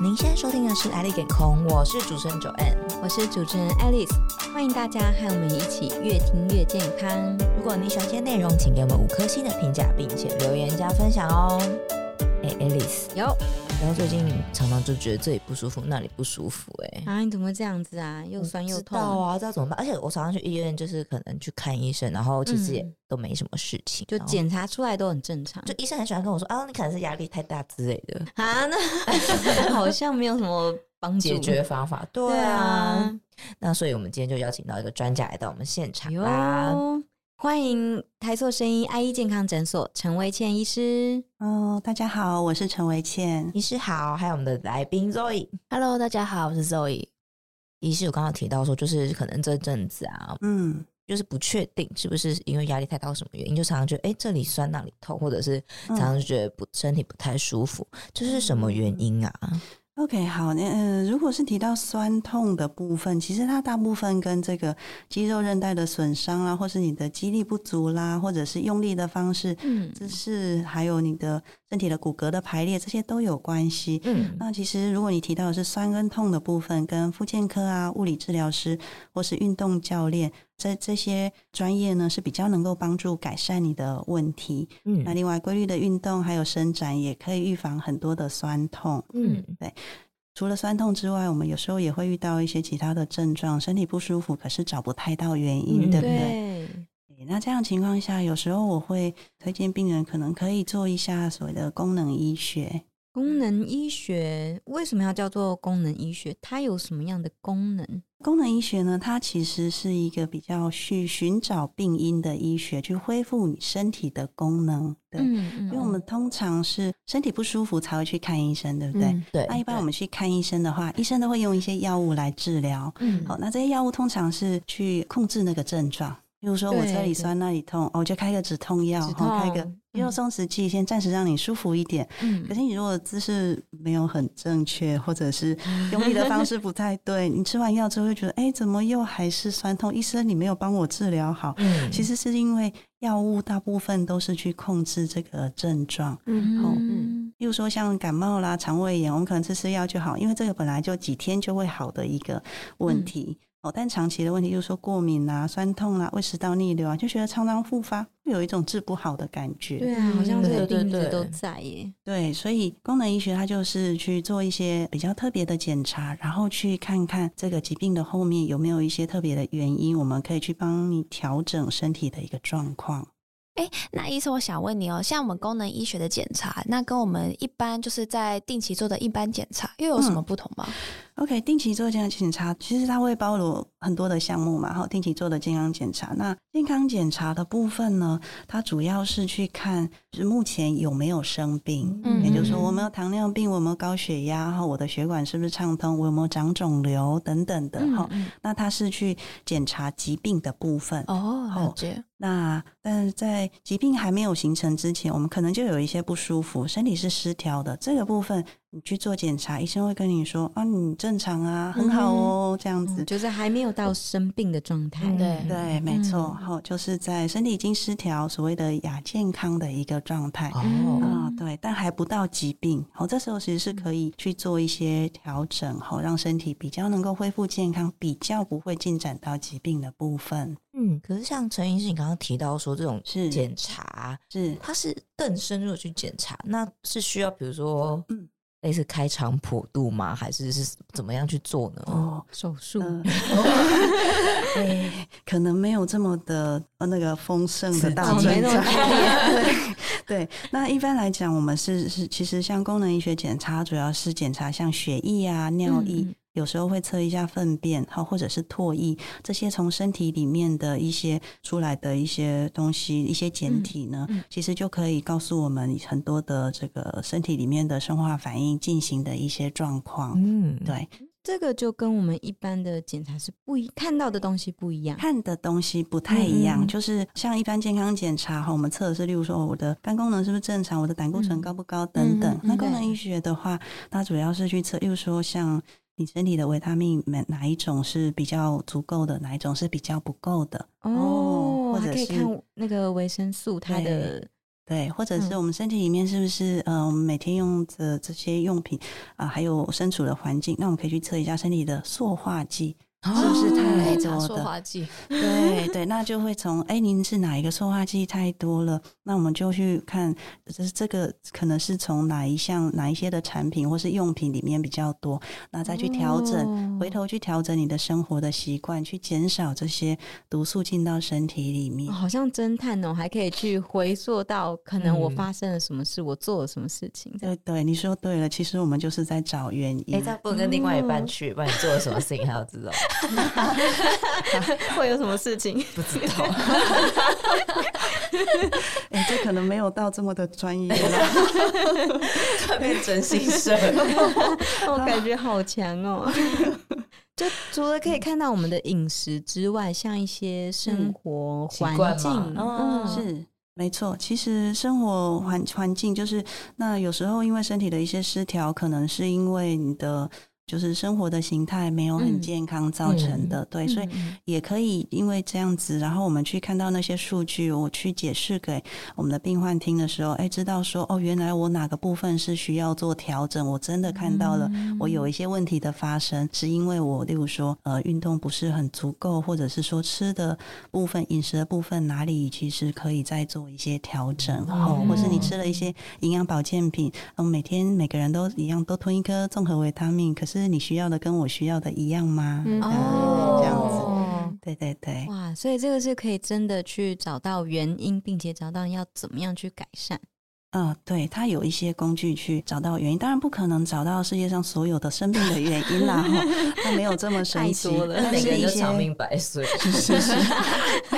您現在收聽的是《愛麗健康》，我是主持人 Joanne，我是主持人 Alice，歡迎大家和我們一起越聽越健康。如果你喜歡今天內容，請給我們五顆星的評價，並且留言加分享哦。哎、欸，Alice，有。然後最近常常就覺得這裡不舒服，那裡不舒服，欸，哎，啊，你怎麼會這樣子啊？又酸又痛，嗯、知道啊，知道怎麼辦？而且我常常去醫院就是可能去看醫生，然後其實也都沒什麼事情，嗯、後就檢查出來都很正常，就醫生很喜歡跟我說啊，你可能是壓力太大之類的啊，那 好像沒有什麼幫助解決方法，對啊，對啊，那所以我們今天就邀請到一個專家來到我們現場啦。歡迎台塑聲音愛醫健康診所陳維茜醫師。哦，大家好，我是陳維茜醫師。好，還有我們的來賓 Zoe。Hello，大家好，我是 Zoe。醫師，我剛剛提到說，就是可能這陣子啊，嗯，就是不確定是不是因為壓力太大什麼原因，就常常覺得哎、欸、這裡酸那裡痛，或者是常常覺得不、嗯、身體不太舒服，這、就是什麼原因啊？嗯 OK，好，那、呃、嗯，如果是提到酸痛的部分，其實它大部分跟這個肌肉韌帶的損傷啦，或是你的肌力不足啦，或者是用力的方式、姿勢、嗯，還有你的。身體的骨骼的排列，這些都有關係。嗯，那其實如果你提到的是酸跟痛的部分，跟復健科啊、物理治療師或是運動教練這這些專業呢，是比較能夠幫助改善你的問題。嗯，那另外規律的運動還有伸展，也可以預防很多的酸痛。嗯，對。除了酸痛之外，我們有時候也會遇到一些其他的症狀，身體不舒服，可是找不太到原因，對不、嗯、對？那這樣的情況下，有時候我會推薦病人可能可以做一下所謂的功能醫學。功能醫學為什麼要叫做功能醫學？它有什麼樣的功能？功能醫學呢，它其實是一個比較去尋找病因的醫學，去恢復你身體的功能。對，因為、嗯嗯、我們通常是身體不舒服才會去看醫生，對不對？嗯、對。那一般我們去看醫生的話，對醫生都會用一些藥物來治療。嗯。好，那這些藥物通常是去控制那個症狀。比如說我這裡酸那裡痛，我對、哦，就開一個止痛藥，然後開個肌肉鬆弛劑，先暫時讓你舒服一點。嗯，可是你如果姿勢沒有很正確，或者是用力的方式不太對，嗯、你吃完藥之後覺得，哎，怎麼又還是酸痛？醫生，你沒有幫我治療好。嗯，其實是因為藥物大部分都是去控制這個症狀。嗯嗯，比、哦嗯、如說像感冒啦、腸胃炎，我們可能吃吃藥就好，因為這個本來就幾天就會好的一個問題。嗯哦，但長期的問題就是說過敏啊、痠痛啊、胃食道逆流啊，就覺得常常復發，會有一種治不好的感覺。對啊，嗯、好像這個病一直都在耶。對，對，對，對，對，所以功能醫學它就是去做一些比較特別的檢查，然後去看看這個疾病的後面有沒有一些特別的原因，我們可以去幫你調整身體的一個狀況。哎，那醫生，我想問你哦，像我們功能醫學的檢查，那跟我們一般就是在定期做的一般檢查又有什麼不同嗎？嗯，OK，定期做的健康檢查其實它會包羅很多的項目嘛，然後定期做的健康檢查，那健康檢查的部分呢，它主要是去看就是目前有沒有生病，嗯、嗯、嗯，也就是說我們沒有糖尿病，我有沒有高血壓，哈，我的血管是不是暢通，我有沒有長腫瘤等等的哈。嗯嗯，那它是去檢查疾病的部分哦，好這樣。那，但在疾病還沒有形成之前，我們可能就有一些不舒服，身體是失調的這個部分。你去做檢查，醫生會跟你說啊，你正常啊，嗯、哼很好哦，這樣子、嗯、就是還沒有到生病的狀態，嗯、對、嗯、對，沒錯。好、嗯哦，就是在身體已經失調，所謂的亞健康的一個狀態哦，哦對，但還不到疾病。好、哦，這時候其實是可以去做一些調整，好、哦，讓身體比較能夠恢復健康，比較不會進展到疾病的部分。嗯，可是像陳醫師，你剛剛提到說這種是檢查，是，是它是更深入的去檢查，那是需要比如說嗯。類似開腸剖肚嗎？還是是怎麼樣去做呢？哦，手術，可能沒有這麼的那個豐盛的大餐。 對，那一般來講，我們是是，其實像功能醫學檢查，主要是檢查像血液啊、尿液。嗯有時候會測一下糞便或者是唾液這些從身體裡面的一些出來的一些東西，一些檢體呢，嗯嗯、其實就可以告訴我們很多的這個身體裡面的生化反應進行的一些狀況。嗯，對，這個就跟我們一般的檢查是不一看到的東西不一樣，看的東西不太一樣。嗯、就是像一般健康檢查哈，我們測的是，例如說我的肝功能是不是正常，我的膽固醇高不高等等。嗯嗯嗯、那功能醫學的話，對它主要是去測，例如說像。你身體的維他命哪哪一種是比較足夠的，哪一種是比較不夠的？哦，或者是可以看那個維生素它的對，對，或者是我們身體裡面是不是我們、嗯呃、每天用的這些用品啊、呃，還有身處的環境，那我們可以去測一下身體的塑化劑。是不是太多的？哦、對對，那就會從，哎，您是哪一個塑化劑太多了？那我們就去看，就是這個可能是從哪一項、哪一些的產品或是用品裡面比較多，那再去調整，哦、回頭去調整你的生活的習慣，去減少這些毒素進到身體裡面。哦、好像偵探哦，我還可以去回溯到可能我發生了什麼事，嗯、我做了什麼事情。嗯、對對，你說對了，其實我們就是在找原因。哎，他不能跟另外一半去，哦、不然你做了什麼事情 還要知道。 啊啊、會有什麼事情？不知道。哎、 欸，這可能沒有到這麼的專業了。 特別真心聲， 我感覺好強哦。 就除了可以看到我們的飲食之外，像一些生活環境，嗯，哦、嗯，是沒錯。其實生活環，環境就是那有時候因為身體的一些失調，可能是因為你的。就是生活的形態沒有很健康造成的，嗯嗯、對，所以也可以因為這樣子，然後我們去看到那些數據，我去解釋給我們的病患聽的時候，哎，知道說哦，原來我哪個部分是需要做調整，我真的看到了，我有一些問題的發生，嗯、是因為我例如說呃運動不是很足夠，或者是說吃的部分、飲食的部分哪裡其實可以再做一些調整，嗯、哦，或是你吃了一些營養保健品，嗯、呃，每天每個人都一樣都吞一顆綜合，綜合維他命，可是。是你需要的跟我需要的一樣嗎？嗯嗯、哦，這樣子，對對對，哇，所以這個是可以真的去找到原因，並且找到要怎麼樣去改善。嗯、哦，對，他有一些工具去找到原因，當然不可能找到世界上所有的生病的原因啦，哈， 沒有這麼神奇的，每個人長命百歲？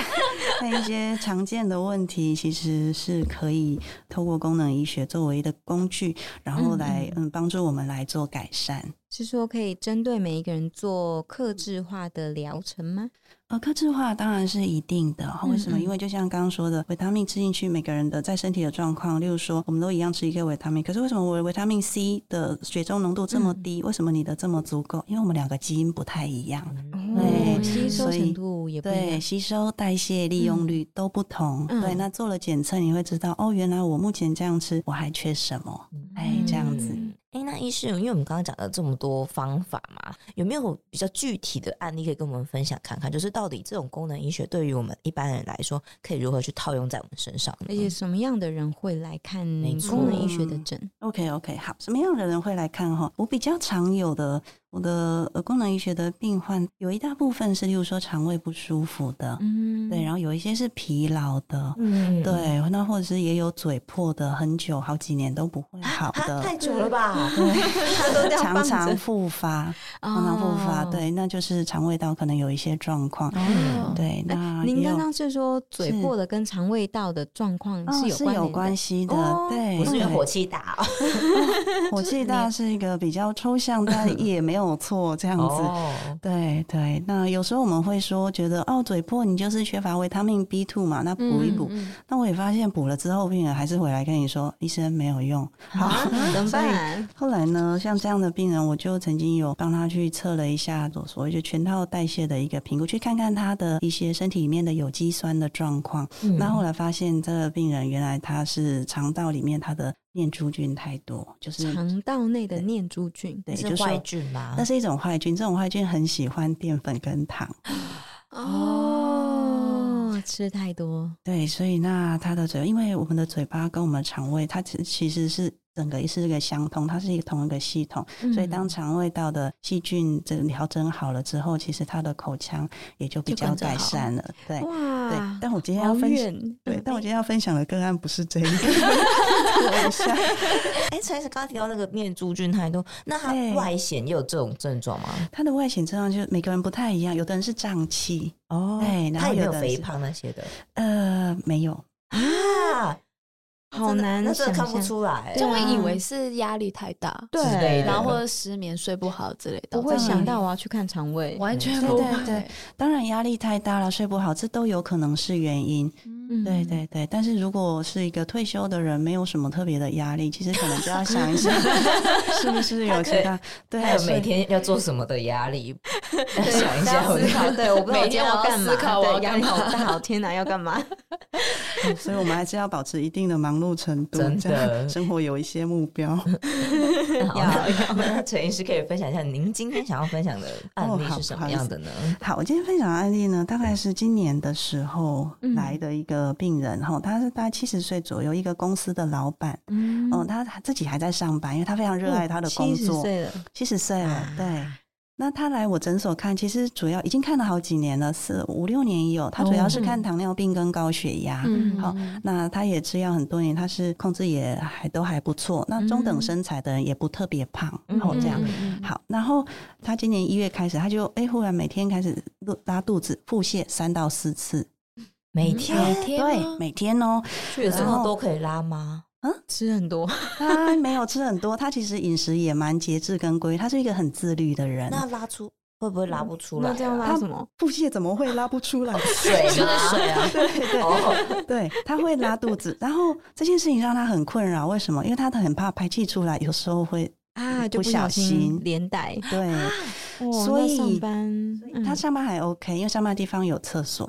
一些常見的問題，其實是可以透過功能醫學作為一個工具，然後來嗯,嗯,嗯幫助我們來做改善。是說可以針對每一個人做客製化的療程嗎？呃，客製化當然是一定的。為什麼？嗯嗯因為就像剛剛說的，維他命吃進去，每個人的在身體的狀況，例如說，我們都一樣吃一個維他命，可是為什麼我維他命 C 的血中濃度這麼低？嗯、為什麼你的這麼足夠？因為我們兩個基因不太一樣，嗯、對，嗯、所以，吸收程度也不一樣，對，吸收代謝利用率都不同。嗯嗯對，那做了檢測，你會知道哦，原來我目前這樣吃，我還缺什麼？嗯嗯哎，這樣子。哎、欸，那醫師，因為我們剛剛講了這麼多方法嘛，有沒有比較具體的案例可以跟我們分享看看？就是到底這種功能醫學對於我們一般人來說，可以如何去套用在我們身上？那些什麼樣的人會來看功能醫學的診、嗯嗯、？OK，OK，okay, okay, 好，什麼樣的人會來看哈？我比較常有的。我的呃功能醫學的病患有一大部分是，例如說腸胃不舒服的，嗯，對，然後有一些是疲勞的，嗯，對，那或者是也有嘴破的，很久好幾年都不會好的，太久了吧？對，常常復發，常常復發，對，那就是腸胃道可能有一些狀況，對。那您剛剛是說嘴破的跟腸胃道的狀況是有有關係的，對，我是有火氣大，火氣大是一個比較抽象，但也沒有。沒有錯，這樣子，oh. 對對。那有時候我們會說，覺得哦，嘴破你就是缺乏維他命 B two 嘛，那補一補。嗯、那我也發現補了之後，病人還是回來跟你說，醫生沒有用，啊、好，怎麼辦？後來呢，像這樣的病人，我就曾經有幫他去測了一下，所謂就全套代謝的一個評估，去看看他的一些身體裡面的有機酸的狀況。嗯、那後來發現，這個病人原來他是腸道裡面他的。念珠菌太多，就是腸道內的念珠菌，對對，是壞菌嘛。那是一種壞菌，這種壞菌很喜歡澱粉跟糖哦、嗯、哦，吃太多對，所以那它的嘴，因為我們的嘴巴跟我們腸胃，它其其實是整個是一個相通，它是一個同一個系統，嗯、所以當腸胃道的細菌這調整好了之後，其實它的口腔也就比較改善了，對，哇，對，但我今天要分享，遠對，但我今天要分享的個案不是這個。 哎，陳 s i 剛剛提到那個念珠菌太多，那他外顯也有這種症狀嗎？他、欸、的外顯症狀就是每個人不太一樣，有的人是脹氣哦，哎、欸，他有的是有肥胖那些的？呃，沒有啊。好難，那看不出來，就會以為是壓力太大對。然後或者失眠睡不好之類的，我會想到我要去看腸胃，完全對對對，當然壓力太大了，睡不好，這都有可能是原因。對對對，但是如果是一個退休的人，沒有什麼特別的壓力，其實可能就要想一想，是不是有其他，還有每天要做什麼的壓力，想一下，對，我每天要幹嘛？對。壓力好大。天哪要幹嘛？所以我們還是要保持一定的忙路程度，真的這樣生活有一些目標。 好，那陳醫師可以分享一下您今天想要分享的案例是什麼樣的呢？哦、好，我今天分享的案例呢，對大概是今年的時候來的一個病人，然後他對、嗯、是大概七十歲左右，一個公司的老闆。嗯，哦，他自己還在上班，因為他非常熱愛他的工作。七十歲了，七十歲了，啊、對。那他來我診所看，其實主要已經看了好幾年了，四五六年也有。他主要是看糖尿病跟高血壓。哦嗯、好，那他也吃藥很多年，他是控制也還都還不錯。那中等身材的人也不特別胖，然後、嗯哦、這樣。嗯嗯嗯、好，然後他今年一月開始，他就哎，忽然每天開始拉肚子、腹瀉三到四次，每天對每天哦，去的時候都可以拉嗎？嗯，吃很多？他沒有吃很多， 他其實飲食也蠻節制跟規律，他是一個很自律的人。那拉出會不會拉不出來、啊？哦、那這樣拉什麼？腹瀉怎麼會拉不出來、哦？水、啊、 就是水啊，對對、哦、對，他會拉肚子，然後這件事情讓他很困擾。為什麼？因為他很怕排氣出來，有時候會。啊，就不小心,不小心連帶對，哇所以上班，他上班還 OK，、嗯、因為上班的地方有廁所，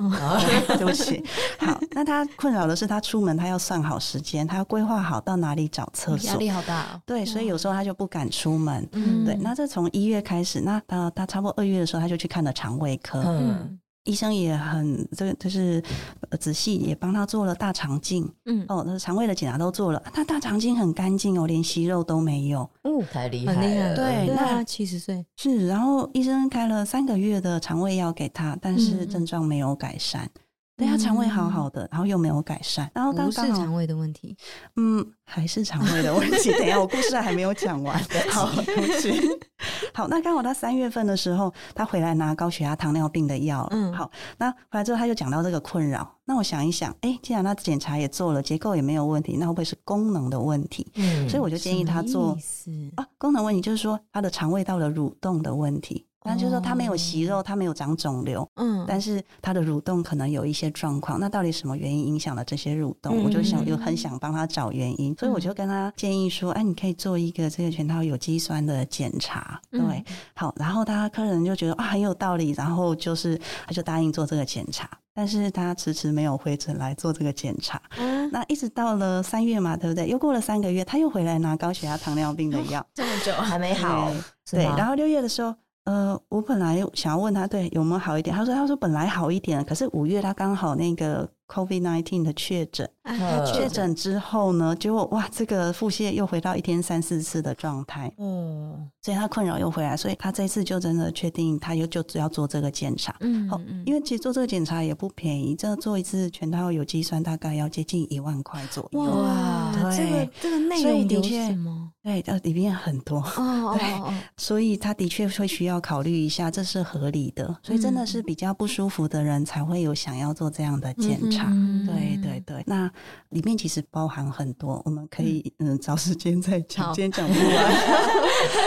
對不起。好，那他困擾的是，他出門他要算好時間，他要規劃好到哪裡找廁所，壓力好大、哦。對，所以有時候他就不敢出門。嗯，對。那這從一月開始，那他他差不多二月的時候，他就去看了腸胃科。嗯。醫生也很這個就是、就是、仔細也幫他做了大腸鏡，嗯，哦，那腸胃的檢查都做了，他、啊、大腸鏡很乾淨哦，連息肉都沒有，嗯，太厲害了，害對，對啊、那他七十歲是，然後醫生開了三個月的腸胃藥給他，但是症狀沒有改善。嗯嗯對他、啊、腸胃好好的，嗯、然後又沒有改善，然後剛剛是腸胃的問題，嗯，還是腸胃的問題。 等一下，我故事還沒有講完，對好，那剛好他三月份的時候，他回來拿高血壓、糖尿病的藥了。嗯，好，那回來之後他就講到這個困擾。那我想一想，哎，既然他檢查也做了，結構也沒有問題，那會不會是功能的問題？嗯，所以我就建議他做什麼意思啊，功能問題就是說他的腸胃道的蠕動的問題。但就是說他沒有息肉，哦、他沒有長腫瘤，嗯，但是他的蠕動可能有一些狀況。那到底什麼原因影響了這些蠕動？嗯、我就想，又很想幫他找原因，嗯、所以我就跟他建議說：“哎，你可以做一個這個全套有機酸的檢查。”對，嗯、好，然後他客人就覺得啊很有道理，然後就是他就答應做這個檢查，但是他遲遲沒有回診來做這個檢查。嗯，那一直到了三月嘛，對不對？又過了三個月，他又回來拿高血壓、糖尿病的藥、欸，這麼久、啊、對還沒好。嗎對，然後六月的時候。呃，我本來想要問他，對，有沒有好一點？他說，他說本來好一點，可是五月他剛好那個 COVID nineteen 的確診，確診、啊、之後呢，結果哇，這個腹瀉又回到一天三四次的狀態，嗯、啊，所以他困擾又回來，所以他這次就真的確定他又就只要做這個檢查，嗯，嗯，好、哦，因為其實做這個檢查也不便宜，真的做一次全套有機酸大概要接近一萬塊左右，哇對、這個，這個這個內容的確。對，呃，裡面很多，對，oh, oh, oh, oh. 所以他的確會需要考慮一下，這是合理的，所以真的是比較不舒服的人才會有想要做這樣的檢查，mm hmm. 對對對。那裡面其實包含很多，我們可以、mm hmm. 嗯，找時間再講，oh. 今天講不完。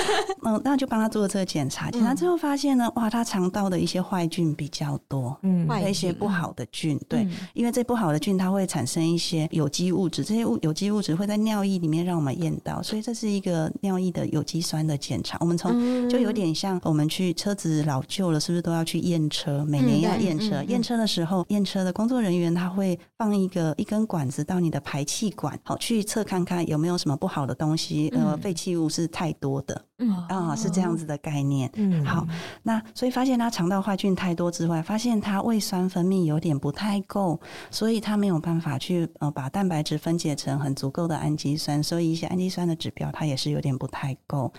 嗯，那就幫他做這個檢查，檢查之後發現呢，哇，他腸道的一些壞菌比較多，嗯、mm，hmm. 還有一些不好的菌，對，mm hmm. 因為這不好的菌它會產生一些有機物質，這些物有機物質會在尿液裡面讓我們驗到，所以這是。是一個尿液的有機酸的檢查，我們從就有點像我們去車子老舊了，是不是都要去驗車？每年要驗車，驗車的時候，驗車的工作人員他會放一個一根管子到你的排氣管，好去測看看有沒有什麼不好的東西，呃，廢棄物是太多的。啊、嗯，是這樣子的概念。嗯，好，那所以發現他腸道壞菌太多之外，發現他胃酸分泌有點不太夠，所以他沒有辦法去呃把蛋白質分解成很足夠的氨基酸，所以一些氨基酸的指標他也是有點不太夠。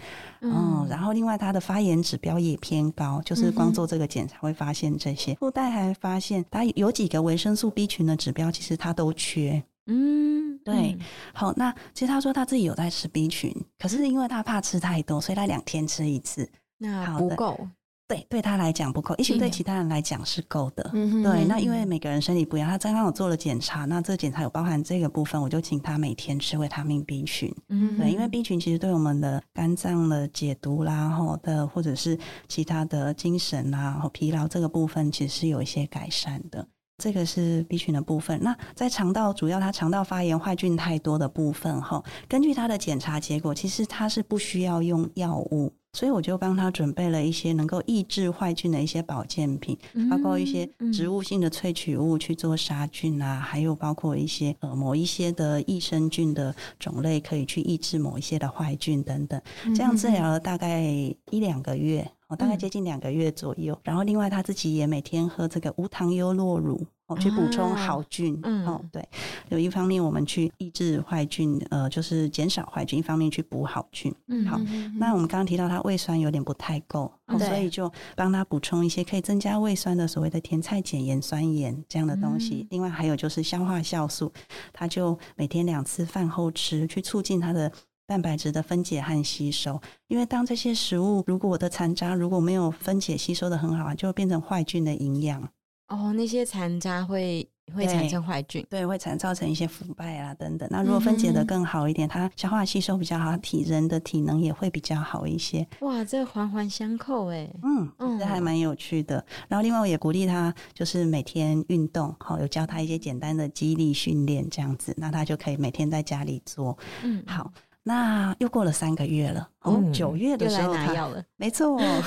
嗯，嗯，然後另外他的發炎指標也偏高，就是光做這個檢查會發現這些。嗯、哼附帶還發現他有幾個維生素 B 群的指標，其實他都缺。嗯，對，嗯、好，那其實他說他自己有在吃 B 群，可是因為他怕吃太多，所以他兩天吃一次。那不夠好的，對，對他來講不夠，也許對其他人來講是夠的。嗯、對，嗯、那因為每個人身體不一樣，他剛剛有做了檢查，那這個檢查有包含這個部分，我就請他每天吃維他命 B 群。嗯，對，因為 B 群其實對我們的肝臟的解毒啦，或的或者是其他的精神啦，和疲勞這個部分，其實是有一些改善的。這個是 B 群的部分。那在腸道，主要他腸道發炎壞菌太多的部分，哈，根據他的檢查結果，其實他是不需要用藥物，所以我就幫他準備了一些能夠抑制壞菌的一些保健品，包括一些植物性的萃取物去做殺菌啊，嗯嗯、還有包括一些呃某一些的益生菌的種類可以去抑制某一些的壞菌等等。這樣治療了大概一兩個月。我、哦、大概接近兩個月左右，嗯、然後另外他自己也每天喝這個無糖優酪乳、哦，去補充好菌。啊、嗯、哦，對，有一方面我們去抑制壞菌，呃，就是減少壞菌；一方面去補好菌。嗯哼哼哼，好。那我們剛剛提到他胃酸有點不太夠，哦、對所以就幫他補充一些可以增加胃酸的所謂的甜菜鹼鹽酸鹽這樣的東西。嗯、另外還有就是消化酵素，他就每天兩次飯後吃，去促進他的。蛋白質的分解和吸收，因為當這些食物如果我的殘渣如果沒有分解吸收的很好啊，就會變成壞菌的營養。哦，那些殘渣會會產生壞菌，對，對，會產造成一些腐敗啊等等。那如果分解的更好一點，嗯、哼它消化吸收比較好，體人的體能也會比較好一些。哇，這環環相扣哎、欸，嗯，嗯，這還蠻有趣的。然後另外我也鼓勵他，就是每天運動，好、哦、有教他一些簡單的肌力訓練這樣子，那他就可以每天在家裡做。嗯，好。那又過了三個月了，哦，九月的時候、嗯、沒錯、哦，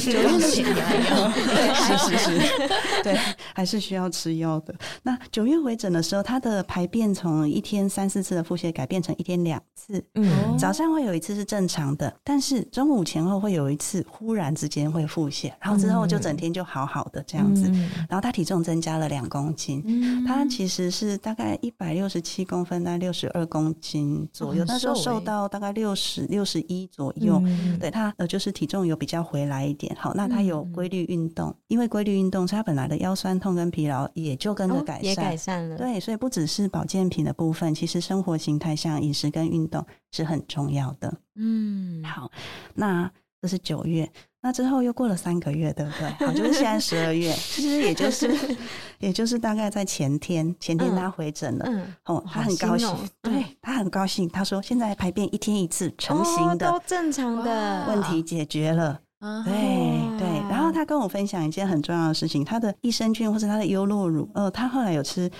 九月的時候來拿藥，是是是，對，還是需要吃藥的。那九月回診的時候，他的排便從一天三四次的腹瀉改變成一天兩次，嗯，早上會有一次是正常的，但是中午前後會有一次忽然之間會腹瀉，然後之後就整天就好好的這樣子。嗯、然後他體重增加了兩公斤，嗯、他其實是大概一百六十七公分，到六十二公斤左右，嗯、但是。瘦到大概六十六十一左右，嗯、對他呃就是體重有比較回來一點，好，那他有規律運動，因為規律運動，他本來的腰痠痛跟疲勞也就跟着改善，哦、也改善了。對，所以不只是保健品的部分，其實生活形態像飲食跟運動是很重要的。嗯，好，那這是九月，那之後又過了三個月，對不對？好，就是現在十二月，其實 是也就是也就是大概在前天，前天他回診了，嗯，嗯，哦，他很高興，哦嗯、對。很高興，他說現在排便一天一次，成型的，都正常的問題解決了。哦、對哇對，然後他跟我分享一件很重要的事情：他的益生菌或是他的優酪乳，呃，他後來有吃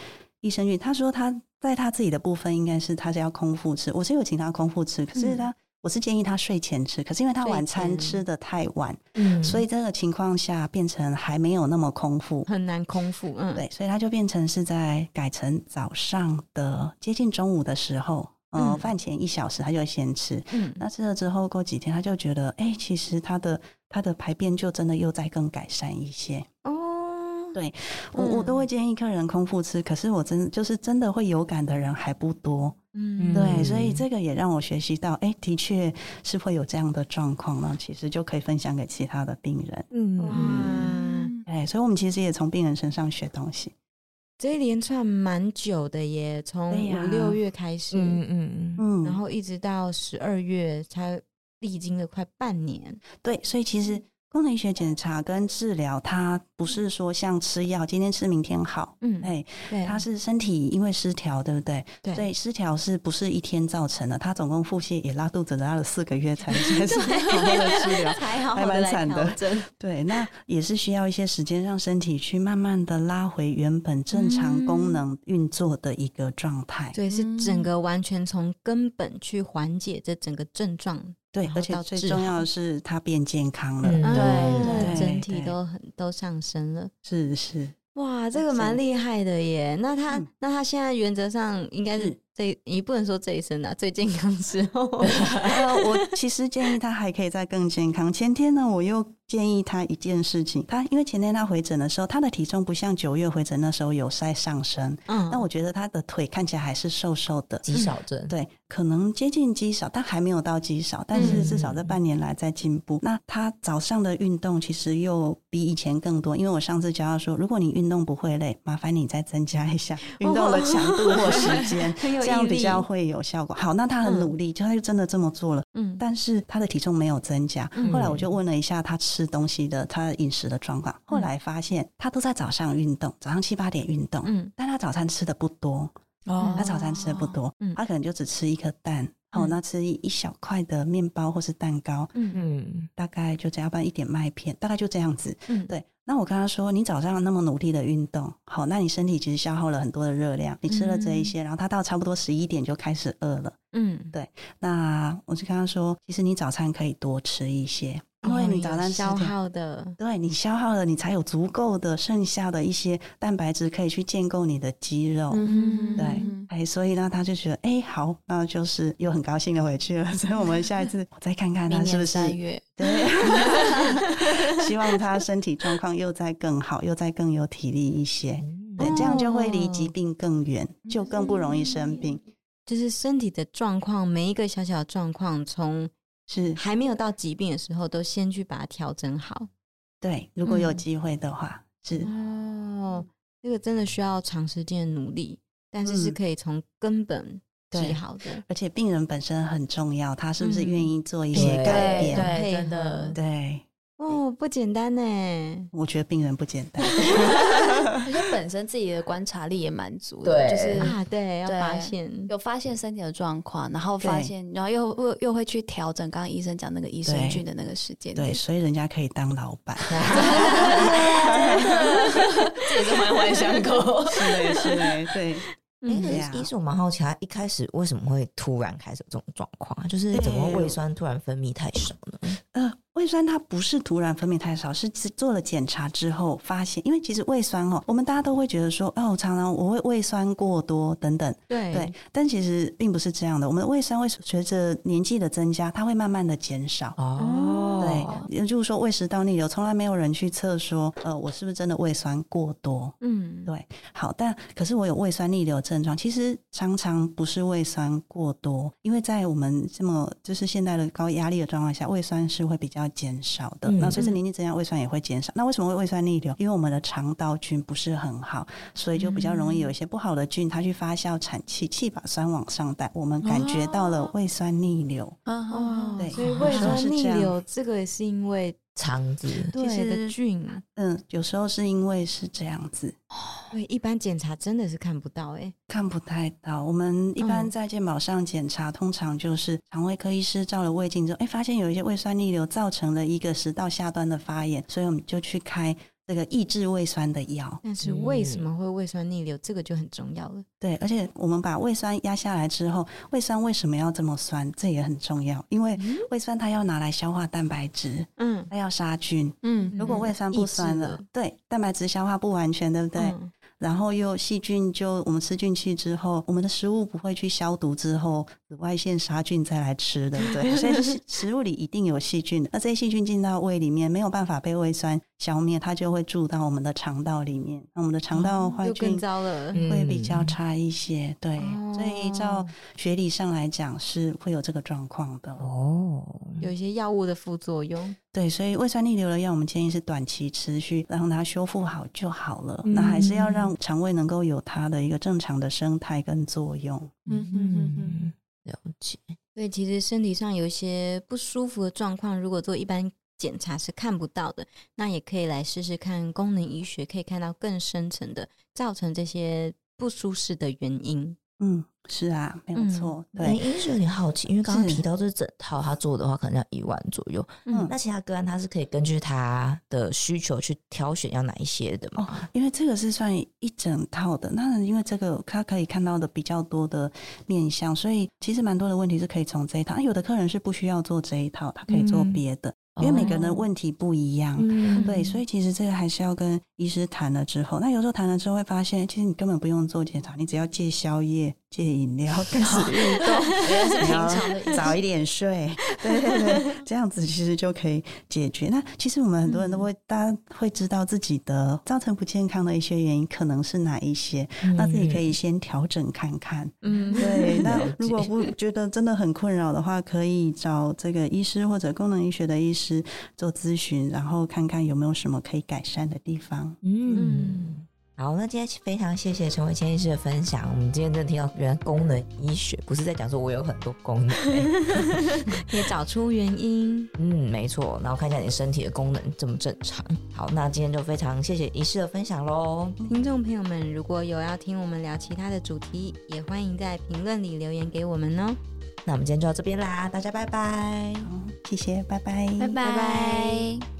益生菌，他說他在他自己的部分應該是他是要空腹吃，我是有請他空腹吃，可是他、嗯、我是建議他睡前吃，可是因為他晚餐吃得太晚，嗯、所以這個情況下變成還沒有那麼空腹，很難空腹。嗯，對，所以他就變成是在改成早上的接近中午的時候。呃，飯、嗯、前一小時他就先吃，嗯，那吃了之後過幾天他就覺得，哎、欸，其實他的他的排便就真的又再更改善一些哦。對，嗯、我我都會建議客人空腹吃，可是我真就是真的會有感的人還不多，嗯，對，所以這個也讓我學習到，哎、欸，的確是會有這樣的狀況，呢，其實就可以分享給其他的病人，嗯，哎、嗯哇，所以我們其實也從病人身上學東西。這一連串蠻久的耶，從五六月開始，嗯嗯嗯，然後一直到十二月，才歷經了快半年。對，所以其實。功能醫學檢查跟治療，它不是說像吃藥，今天吃明天好。嗯，哎，對，它是身體因為失調，對不對？對，所以失調是不是一天造成的？它總共腹瀉也拉肚子拉了四個月才結束 好，好多的治療還蠻慘的。真對，那也是需要一些時間，讓身體去慢慢的拉回原本正常功能運作的一個狀態。嗯、對，是整個完全從根本去緩解這整個症狀。對，而且最重要的是，它變健康了。嗯、對，對，對，對對整體都很對都上升了。是是，是，哇，這個蠻厲害的耶。是那他、嗯、那他現在原則上應該是，是。這你不能說這一生啊，最健康之後、 呃，我其實建議他還可以再更健康。前天呢，我又建議他一件事情，他因為前天他回診的時候，他的體重不像九月回診那時候有在上升，嗯，那我覺得他的腿看起來還是瘦瘦的，肌少症、嗯，對，可能接近肌少，但還沒有到肌少，但是至少這半年來在進步。嗯、那他早上的運動其實又比以前更多，因為我上次教他說，如果你運動不會累，麻煩你再增加一下運動的強度或時間。哦哦哦 這樣比較會有效果。好，那他很努力，就他、嗯、就真的這麼做了。嗯，但是他的體重沒有增加。嗯、後來我就問了一下他吃東西的，他飲食的狀況。後來發現他都在早上運動，早上七八點運動。嗯，但他早餐吃的不多。哦，他早餐吃的不多。嗯、哦，他可能就只吃一顆蛋。好、嗯哦，那吃一小塊的麵包或是蛋糕。嗯嗯，大概就只要不然一點麥片，大概就這樣子。嗯，對。那我跟他說，你早上那麼努力的運動，好，那你身體其實消耗了很多的熱量，你吃了這一些，嗯、然後他到差不多十一點就開始餓了，嗯，對，那我就跟他說，其實你早餐可以多吃一些。因為你早上消耗的，對你消耗了，你才有足夠的剩下的一些蛋白質可以去建構你的肌肉。對，哎，所以呢，他就覺得，哎、欸，好，那就是又很高興的回去了。所以，我們下一次再看看他是不是？對， 希望他身體狀況又再更好，又再更有體力一些。對，這樣就會離疾病更遠，哦、就更不容易生病。就是身體的狀況，每一個小小的狀況，從。是還沒有到疾病的時候，都先去把它調整好。對，如果有機會的話，嗯、是哦，這個真的需要長時間努力，但是是可以從根本治好的、嗯對。而且病人本身很重要，他是不是願意做一些改變？對的、嗯，對。對哦，不簡單呢。我覺得病人不簡單，其實本身自己的觀察力也蠻足的，就是啊對，要發現有發現身體的狀況，然後發現，然後又又又會去調整。剛剛醫生講那個益生菌的那個時間，對，所以人家可以當老板。這也是環環相扣。是嘞，是的對。哎，醫生，我蠻好奇，他一開始為什麼會突然開始有這種狀況？就是怎麼胃酸突然分泌太少呢？胃酸它不是突然分泌太少，是只做了檢查之後發現，因為其實胃酸哦，我們大家都會覺得說哦，常常我會胃酸過多等等，對，對，但其實並不是這樣的。我們的胃酸會隨着年紀的增加，它會慢慢的減少。哦，對，也就是說胃食道逆流從來沒有人去測說，呃，我是不是真的胃酸過多？嗯，對。好，但可是我有胃酸逆流症狀，其實常常不是胃酸過多，因為在我們這麼就是現在的高壓力的狀況下，胃酸是會比較。減少的，那隨着年齡增加，胃酸也會減少。那為什麼會胃酸逆流？因為我們的腸道菌不是很好，所以就比較容易有一些不好的菌，它去發酵產氣，氣把酸往上帶，我們感覺到了胃酸逆流。哦，對，哦，所以胃酸逆流，逆流對這個也是因為。腸子，對的菌，嗯，有時候是因為是這樣子，哦，一般檢查真的是看不到、欸，哎，看不太到。我們一般在健保上檢查，嗯、通常就是腸胃科醫師照了胃鏡之後，哎、欸，發現有一些胃酸逆流，造成了一個食道下端的發炎，所以我們就去開。這個抑制胃酸的藥，但是為什麼會胃酸逆流？這個就很重要了。嗯、對，而且我們把胃酸壓下來之後，胃酸為什麼要這麼酸？這也很重要。因為胃酸它要拿來消化蛋白質、嗯嗯，嗯，它要殺菌，嗯。如果胃酸不酸了，了對，蛋白質消化不完全，對不對？嗯、然後又細菌就我們吃進去之後，我們的食物不會去消毒之後紫外線殺菌再來吃對不對？所以食物裡一定有細菌，那 這些細菌進到胃裡面，沒有辦法被胃酸。消滅它就會住到我們的腸道裡面，那我們的腸道壞菌、哦、更糟了，會比較差一些。嗯、對，哦、所以照學理上來講是會有這個狀況的。哦，有一些藥物的副作用。對，所以胃酸逆流的藥我們建議是短期持續，讓它修復好就好了。嗯、那還是要讓腸胃能夠有它的一個正常的生態跟作用。嗯嗯哼嗯哼哼，了解。對，其實身體上有一些不舒服的狀況，如果做一般。檢查是看不到的，那也可以來試試看功能醫學，可以看到更深層的造成這些不舒適的原因。嗯，是啊，沒有錯。嗯、對，原因是有點好奇，以因為剛剛提到這整套他做的話，可能要一萬左右。嗯，嗯嗯，那其他個案他是可以根據他的需求去挑選要哪一些的嗎、哦？因為這個是算一整套的，那因為這個他可以看到的比較多的面向，所以其實蠻多的問題是可以從這一套。那、啊、有的客人是不需要做這一套，他可以做別的。嗯因為每個人的問題不一樣，哦嗯、對，所以其實這個還是要跟醫師談了之後，那有時候談了之後會發現，其實你根本不用做檢查，你只要戒宵夜。戒飲料，更好運動，然 要 早一點睡，對對對，這樣子其實就可以解決。那其實我們很多人都會，嗯、大家會知道自己的造成不健康的一些原因，可能是哪一些，嗯、那自己可以先調整看看。嗯，對。那如果不覺得真的很困擾的話，可以找這個醫師或者功能醫學的醫師做諮詢，然後看看有沒有什麼可以改善的地方。嗯。嗯好，那今天非常謝謝陳維茜醫師的分享。我們今天真的聽到，原來功能醫學不是在講說我有很多功能， 也找出原因。嗯，沒錯。然後看一下你身體的功能正不正常。好，那今天就非常謝謝醫師的分享嘍。聽眾朋友們，如果有要聽我們聊其他的主題，也歡迎在評論裡留言給我們哦。那我們今天就到這邊啦，大家拜拜。好，謝謝，拜拜，拜拜。拜拜拜拜。